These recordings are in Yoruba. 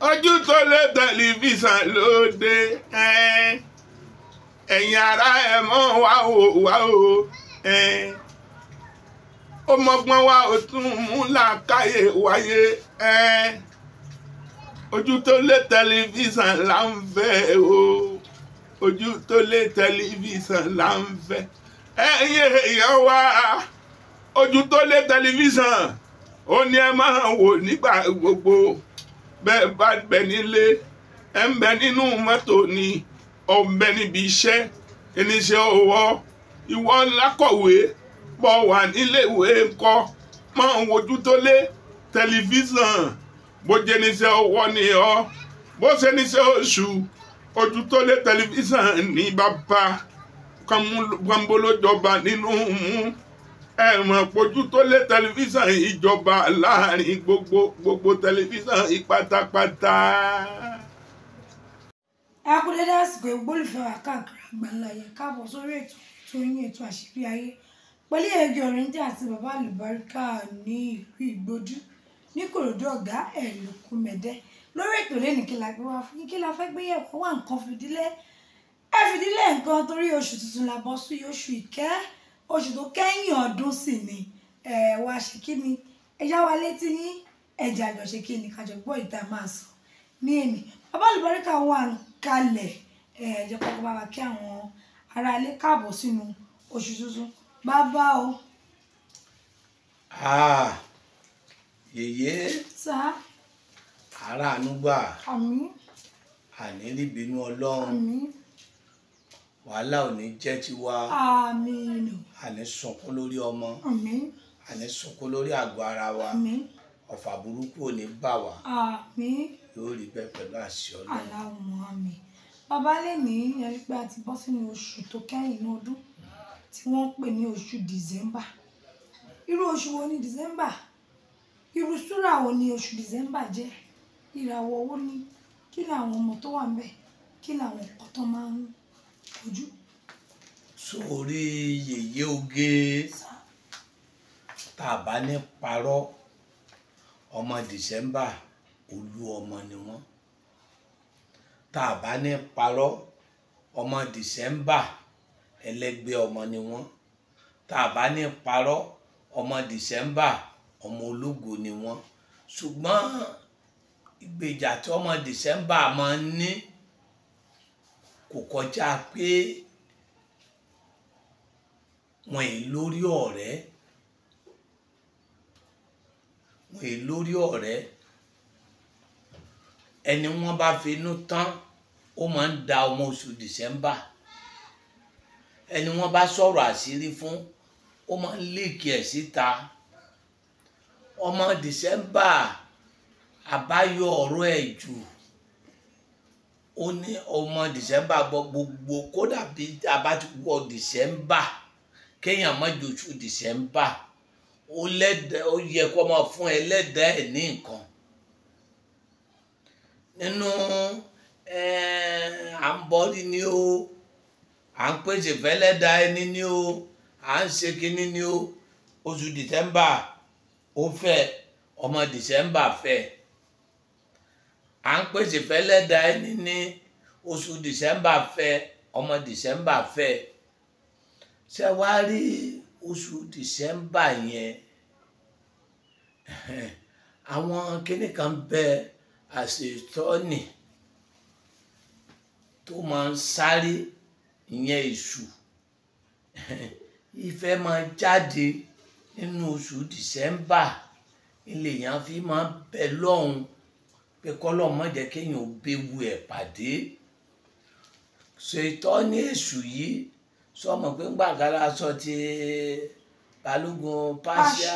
ojú tó lé tẹlifíṣàn lóde ẹ̀yin ara ẹ̀ mọ́ wá o wá o ó mọ́gbọ́n wá o tún mú làákàyè wáyé ojú tó lé tẹlifíṣàn là ń fẹ́ o ojú tó lé tẹlifíṣàn là ń fẹ́ ẹ̀yin èèyàn wá ojú tó lé tẹlifíṣàn ó ní ẹ máa wò nígbà gbogbo bẹ́ẹ̀ bá bẹ nílé ẹ ń bẹ nínú mọ́tò ni ọ̀bẹ níbi iṣẹ́ oníṣẹ́ ọwọ́ ìwọ lákọ̀wé bọ̀ wà níléèwé ńkọ́ máa ń wojú tó lé tẹlifíṣàn bó jẹ́ níṣẹ́ ọwọ́ ni ọ́ bó ṣe níṣẹ́ oṣù ojú tó lé tẹlifíṣàn ní bàbá kàmbólójọba nínú mú ẹ mọ̀ pojú tó lé tẹlifíṣàn ìjọba láàrin gbogbo gbogbo tẹlifíṣàn ìpátápátá. ẹ kú dédé àsìkò ìgbólùfẹ́ wa káàkiri àgbàlá yẹn káàbọ̀ sórí ètò tó yín ètò àṣírí ayé pẹ̀lú ẹ̀gẹ́ ọ̀rẹ́ndé àti bàbá àlùbáríkà ní ìlú ìgbójú ní kòròdú ọ̀gá ẹ̀ lókùmẹ̀dẹ́ lórí ètò lẹ́nu kí la gbé wá fún yín kí la fẹ́ gbé yẹ̀wò wá nǹkan fìdílé ẹ fìdílé nǹkan torí oṣù tuntun la bọ́ sí oṣù ìkẹ́ oṣù tó kẹ́yìn ọdún sì ni ẹ wá ṣe kí ni ẹ yá wa létí yín ẹ̀jẹ̀ àjọṣe kí ni kájọ gbọ́ ìta máa sọ ní èmi bàbá àlùbáríkà wà kalẹ̀ ẹ jẹ́ kọ́kọ́ bá wa kí àwọn ará ilé káàbọ̀ sínú oṣù tuntun bàbá o. yèyé ara àánú gbà àní rí bínú ọlọ́run. Àmín wàhálà ò ní jẹ́ tiwa àmín àní sunkún lórí ọmọ àmín àní sunkún lórí àgọ́ ara wa àmín ọ̀fà burúkú ò ní bà wá àmín yóò rí bẹ́ẹ̀ pẹ̀lú àṣẹ ọlọ́run. aláwọ̀ lè ní ẹrí pé a ti bọ́ sínú oṣù tó kẹ́yìn inú ọdún tí wọ́n ń pè ní oṣù dìsẹ́mbà irú oṣù wo ni dìsẹ́mbà irú súrà wo ni oṣù dìsẹ́mbà jẹ́ ìràwọ̀ owó ni kí làwọn ọmọ tó wà ń bẹ̀ kí làwọn ọkọ tó máa ń ojú. sórí yèyé oge tá a bá ní parọ́ ọmọ dìsẹ́mbà olú ọmọ ni wọ́n tá a bá ní parọ́ ọmọ dìsẹ́mbà ẹlẹ́gbẹ́ ọmọ ni wọ́n tá a bá ní parọ́ ọmọ dìsẹ́mbà ọmọ ológo ni wọ́n ṣùgbọ́n ìgbèjà tí ọmọ dìsẹ́mbà máa ń ní kò kọjá pé wọn è lórí ọ̀rẹ́ wọn è lórí ọ̀rẹ́ ẹni wọn bá finú tán ó máa ń da ọmọ oṣù dìsẹ́mbà ẹni wọn bá sọ̀rọ̀ àṣírí fún ó máa ń léèkì ẹ̀ síta ọmọ dìsẹ́mbà àbáyọ ọ̀rọ̀ ẹ̀ jù. E ó ní ọmọ december gbọ́ gbogbo kódà bí a bá ti wọ december kéèyàn má jojú december ó lẹ́dẹ̀ ó yẹ kó máa fún ẹ lẹ́dẹ̀ ẹ̀ ní nǹkan nínú à ń bọ́rí ni o à ń pèsè fẹ́lẹ́dà ẹni ni o à ń ṣe kínní ni o oṣù december ó fẹ́ ọmọ december fẹ́ à ń pèsè fẹ́lẹ́dà ẹni ní oṣù dìsẹ́mbà fẹ́ ọmọ dìsẹ́mbà fẹ́ ṣe wá rí oṣù dìsẹ́mbà yẹn àwọn kinní kan bẹ àṣetọ́nì tó máa ń sáré ìyẹn èṣù ìfẹ́ máa jáde nínú oṣù dìsẹ́mbà ilé yẹn fi máa bẹ lọ́hùn-ún pé kọ́lọ́ mọ̀ jẹ́ kéèyàn ó béwu ẹ̀ pàdé ṣètọ́ ní èṣù yìí sọmọ pé ńgbà kára sọ ti balógun pàṣẹ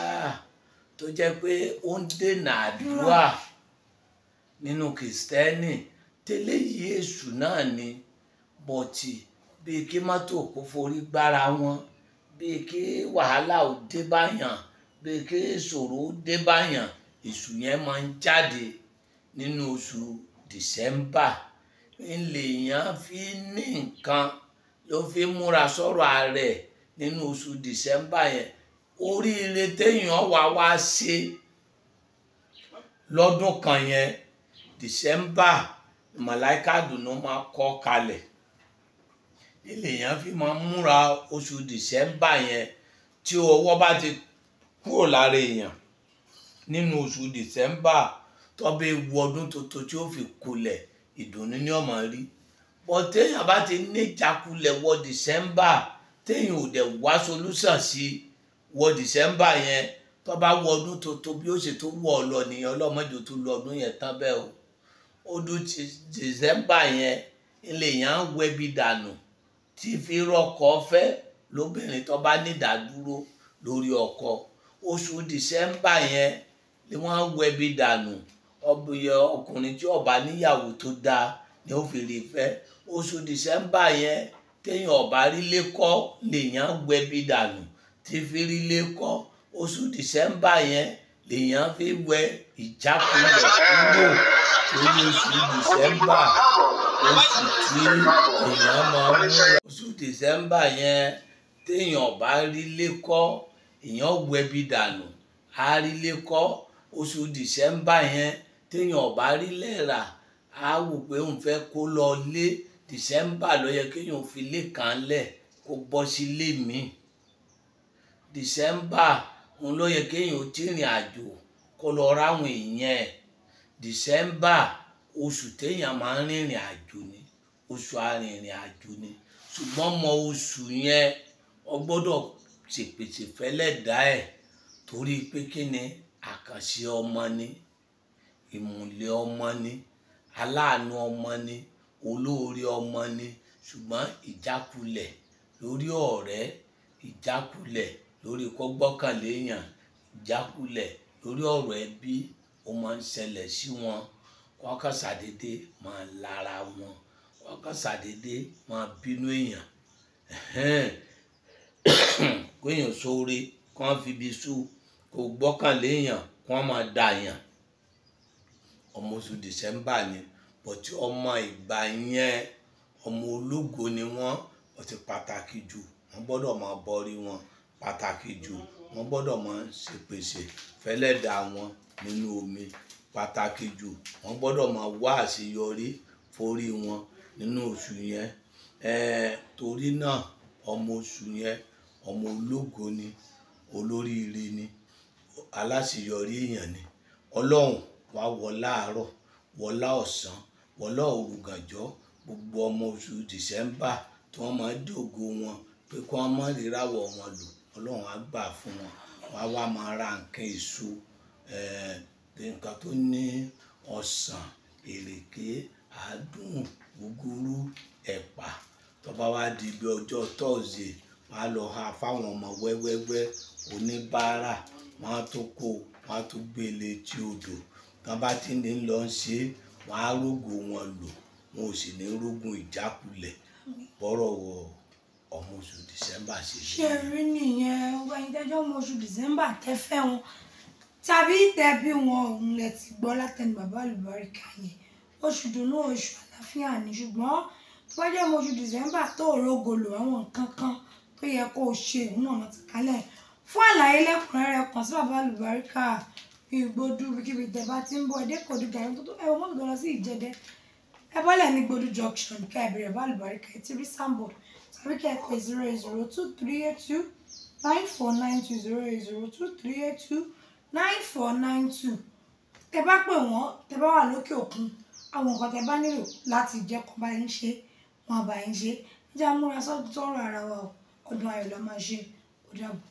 tó jẹ́ pé ó ń dènà àdúrà nínú kìrìsìtẹ́nì tẹ́lẹ̀ yìí èṣù náà ni bọ̀tì bíi kí mọ́tò kó forí gbára wọn bíi kí wàhálà ò dé báyàn bíi kí ìṣòro ó dé báyàn èṣù yẹn máa ń jáde nínú oṣù dìsẹ́mbà ńlèèyàn fi ní nǹkan ló fi múra sọ̀rọ̀ ààrẹ nínú oṣù dìsẹ́mbà yẹn oríire téèyàn wá wá ṣe lọ́dún kan yẹn dìsẹ́mbà màláìka dùnú máa kọ kalẹ̀ ńlèèyàn fi máa múra oṣù dìsẹ́mbà yẹn tí owó bá ti kúrò lára èèyàn nínú oṣù dìsẹ́mbà tọ́bẹ̀ wu ọdún tuntun tí ó fi kulẹ̀ ìdùnnú ni ọmọ rí bọ́n téèyàn bá ti ní ìjákulẹ̀ wọ December téèyàn ò dẹ̀ wá solúsàn sí wọ December yẹn tó bá wọ ọdún tuntun bí ó sì tún wọ ọ lọ nìyẹn ọlọ́mọdé tó lọ ọdún yẹn tán bẹ́ẹ̀ o ọdún December yẹn lèèyàn ń wẹbi dànù tí fi rọkọ fẹ́ lóbìnrin tó bá lórí ọkọ oṣù December yẹn ni wọ́n ń wẹbi dànù ọbùyọ ọkùnrin tí ọba níyàwó tó dáa ni ó fi lè fẹ́ oṣù dìsẹ́mbà yẹn téèyàn ọba rílé kọ́ lèèyàn gbẹ̀bí dànù tí fi rílé kọ́ oṣù dìsẹ́mbà yẹn lèèyàn fi wẹ ìjákulẹ̀ kúrò lórí oṣù dìsẹ́mbà oṣù tí èèyàn máa ń wọ oṣù dìsẹ́mbà yẹn téèyàn ọba rílé kọ́ èèyàn gbẹ̀bí dànù á rílé kọ́ oṣù dìsẹ́mbà yẹn téèyàn ọ̀bá rí lẹ́ẹ̀rà á wù pé òun fẹ́ kó lọ lé december ló yẹ kéèyàn fi lé kan lẹ̀ kó bọ́ sí lé mi december òun ló yẹ kéèyàn ti rìn àjò kó lọ ráwọn èèyàn ẹ̀ december oṣù téèyàn máa ń rìnrìn àjò ni oṣù arìnrìn àjò ni ṣùgbọ́n mọ oṣù yẹn o gbọ́dọ̀ ṣèpèsè fẹ́lẹ́ dá ẹ̀ torí pé kí ni àkànṣe ọmọ ni ìmùlẹ̀ ọmọ ni aláàánú ọmọ ni olóore ọmọ ni ṣùgbọ́n ìjákulẹ̀ lórí ọ̀rẹ́ ìjákulẹ̀ lórí kọ́gbọ́kànléèyàn ìjákulẹ̀ lórí ọ̀rọ̀ ẹbí ó máa ń ṣẹlẹ̀ sí wọn kọ́kànṣàdédé máa lára wọn kọ́kànṣàdédé máa bínú èèyàn kéèyàn sóore kí wọ́n fi ibi sú kó gbọ́kànléèyàn kí wọ́n máa dà yàn ọmọ oṣù dìsẹ́mbà ni bọ̀tí ọmọ ìgbà yẹn ọmọ ológo ni wọ́n bọ̀tí pàtàkì jù wọ́n gbọ́dọ̀ máa bọrí wọn pàtàkì jù wọ́n gbọ́dọ̀ máa ṣèpèsè fẹ́lẹ́dà wọn nínú omi pàtàkì jù wọ́n gbọ́dọ̀ máa wá àṣeyọrí forí wọn nínú oṣù yẹn ẹ̀ẹ́ torí náà ọmọ oṣù yẹn ọmọ ológo ni olóríire ni aláṣeyọrí èèyàn ni ọlọ́run wá wọ láàárọ̀ wọlá ọ̀sán wọlá òrùngànjọ́ gbogbo ọmọ oṣù dìsẹ́mbà tí wọ́n máa dògo wọn pé kí wọ́n má ríráwọ̀ wọn lò ọlọ́run á gbà fún wọn wá wá máa ra nǹkan èso eh, nǹkan tó ní ọsàn èrèké àádùn gúgúrú ẹ̀pà tọ́ba wá di ibi ọjọ́ tọ́ọ̀sì wàá lọ ha fáwọn ọmọ wẹ́wẹ́wẹ́ oníbàárà wọ́n á tó kó wọ́n á tó gbé e odò tán bá ti ní lọ ń ṣe é wọn á rógo wọn lò wọn ò sì ní rógun ìjákulẹ̀ bọ́rọ̀ wọ ọmọ oṣù dìsẹ́mbà ṣe é. ṣe rí nìyẹn ọgbà ìdájọ́ ọmọ oṣù dìsẹ́mbà tẹ́ fẹ́ wọn tàbí tẹ̀bí wọn òun lẹ ti gbọ́ látẹnu bàbá olùbáríkà yẹn oṣù dùnú oṣù àlàáfíà ni ṣùgbọ́n tó bá jẹ́ ọmọ oṣù dìsẹ́mbà tó rógo lò àwọn nǹkan kan tó yẹ kó o ṣe òun náà ti kálẹ̀ fún àlàyé lẹ́kùnrẹ́rẹ́ kan sí bàbá olùbáríkà ìgbódú kíbi ìjẹba tí ń bọ̀ ẹdẹ kọdú gàrí tó tó ẹ wọ́n mọ́tò lọ sí ìjẹdẹ ẹ bọ́lẹ̀ ní gbódú junction ká ìbẹ̀rẹ̀ bá àlùbáríkà etí rí sambo tàbí ká ẹ̀kọ́ zero eight zero two three eight two nine four nine two zero eight zero two three eight two nine four nine two tẹ bá pè wọ́n tẹ bá wà lókè òkun àwọn nǹkan tẹ bá nílò láti jẹ́ kó bá yín ṣe wọn bá yín ṣe jẹ́ àmúra sọ́dún tọrọ ara wa ọdún ayọ̀ lọ́ máa ṣe ó dàbọ̀.